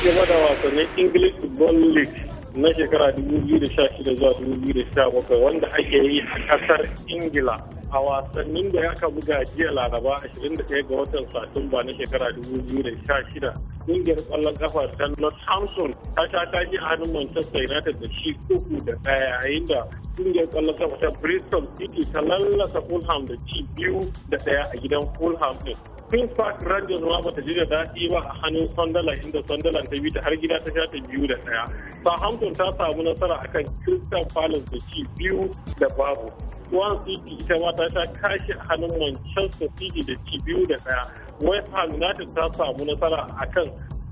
ci gaba da wasannin English Football League na shekara 2016 zuwa 2017 wanda ake yi a kasar Ingila a wasannin da ya ka buga jiya laraba 21 ga watan Satumba na shekara 2016 kungiyar kwallon kafa ta Northampton ta sha ta ji hannun Manchester United da shi uku da ɗaya yayin da kungiyar kwallon kafa ta Bristol City ta lallasa Fulham da ci biyu da ɗaya a gidan Fulham ɗin. Queen's Park Rangers ma bata ji da daɗi ba a hannun sandala inda Sunderland ta bi ta har gida ta sha ta biyu da ɗaya. Southampton ta samu nasara akan Crystal Palace da ci biyu da babu. Wan City ita ma ta sha kashi a hannun Manchester City da ci biyu da ɗaya. West Ham United ta samu nasara akan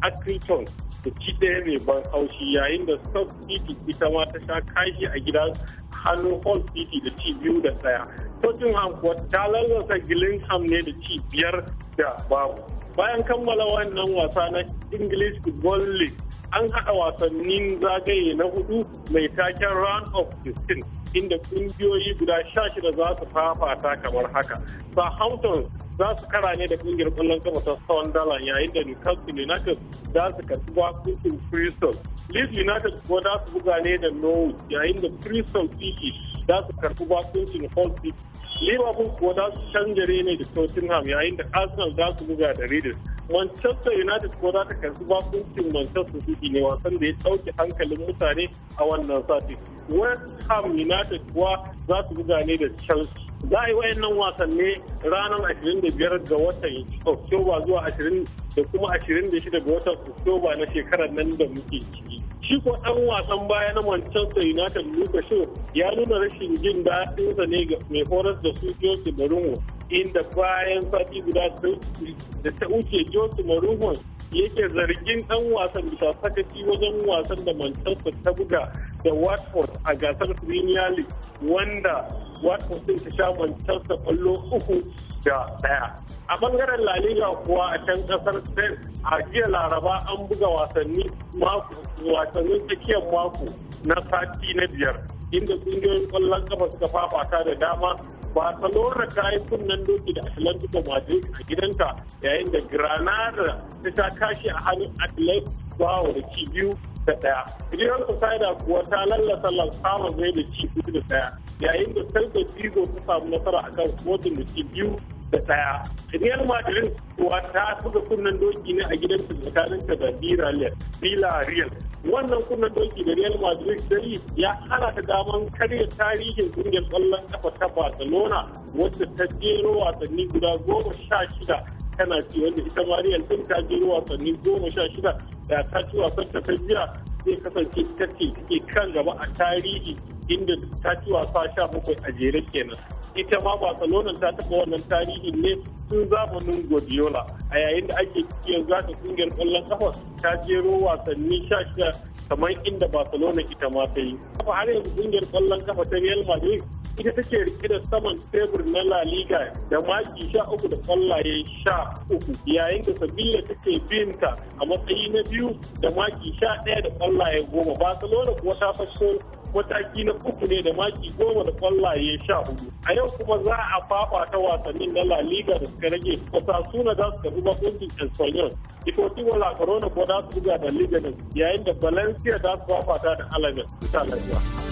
Accrington da ci ɗaya mai ban haushi yayin da Stoke City ita ma ta sha kashi a gida hannu Hull City da ci biyu da ɗaya. Tottenham kuwa ta lallasa Gillingham ne da ci biyar da babu. Bayan kammala wannan wasa na English Football League an haɗa wasannin zagaye na hudu mai taken round of 16 inda ƙungiyoyi guda 16 za su fafata kamar haka Southampton za su kara ne da kungiyar ƙwallon kafa ta Sunderland yayin da Newcastle United za su karbi bakuncin Crystal. Leeds United kuwa za su buga ne da Norwich yayin da Crystal City za su karbi bakuncin Hull City. Liverpool kuwa za su canjare ne da Tottenham yayin da Arsenal za su buga da Reading. Manchester United ko za ta karbi bakuncin Manchester City ne wasan da ya ɗauke hankalin mutane a wannan sati. West Ham United kuwa za su buga ne da Chelsea. za a yi wayannan wasanni ranar 25 ga watan oktoba zuwa 20 da kuma 26 ga watan oktoba na shekarar nan da muke ciki shi ko dan wasan baya na Manchester United Luka ya nuna rashin jin daɗinsa ne ga mai horar da su Jose Mourinho inda bayan sati guda da ta wuce Jose Mourinho yake zargin dan wasan bisa sakaci wajen wasan da Manchester ta buga da Watford a gasar Premier League wanda Watford din ta sha Manchester kwallo uku da daya. A bangaren La Liga kuwa a can kasar Spain a jiya Laraba an buga wasanni mako wasannin tsakiyar mako na sati na biyar inda kungiyoyin kwallon kafa suka fafata da dama Barcelona ta yi kunnen doki da Atlantico Madrid a gidanta yayin da Granada ta ta kashi a hannun Atletico da ci biyu da daya Real Sociedad kuwa ta lallata Las zai da ci biyu da ɗaya yayin da Celta Vigo ta samu nasara akan Sporting da ci biyu da ɗaya. Real Madrid kuwa ta buga kunnen doki ne a gidan tsakanin ta da Real. Wannan kunnen doki da Real Madrid dai ya hana ta daman karya tarihin kungiyar kwallon kafa ta Barcelona wacce ta jero wasanni guda goma sha shida tana ci wanda ita ma Real din ta jero wasanni goma sha shida da ta ci wasan ta jiya zai kasance ita ce take kan gaba a tarihi inda ta ci wasa sha bakwai a jere kenan. ita ma barcelona ta taɓa wannan tarihin ne tun zamanin guardiola a yayin da ake ciki yanzu haka kungiyar ƙwallon kafa ta jero wasanni sha shida kamar inda barcelona ita ma ta yi har yanzu kungiyar ƙwallon kafa ta real madrid ita take rike da saman tebur na La Liga da maki sha uku da kwallaye sha uku yayin da sabila take binta a matsayi na biyu da maki sha ɗaya da kwallaye goma Barcelona kuwa ta fasko mataki na uku ne da maki goma da kwallaye sha hudu a yau kuma za a ta wasannin na la liga da suka rage suna za su karbi bakuncin espanyol deportivo la corona ko za su buga da liga yayin da valencia za su fafata da alaves ta lafiya.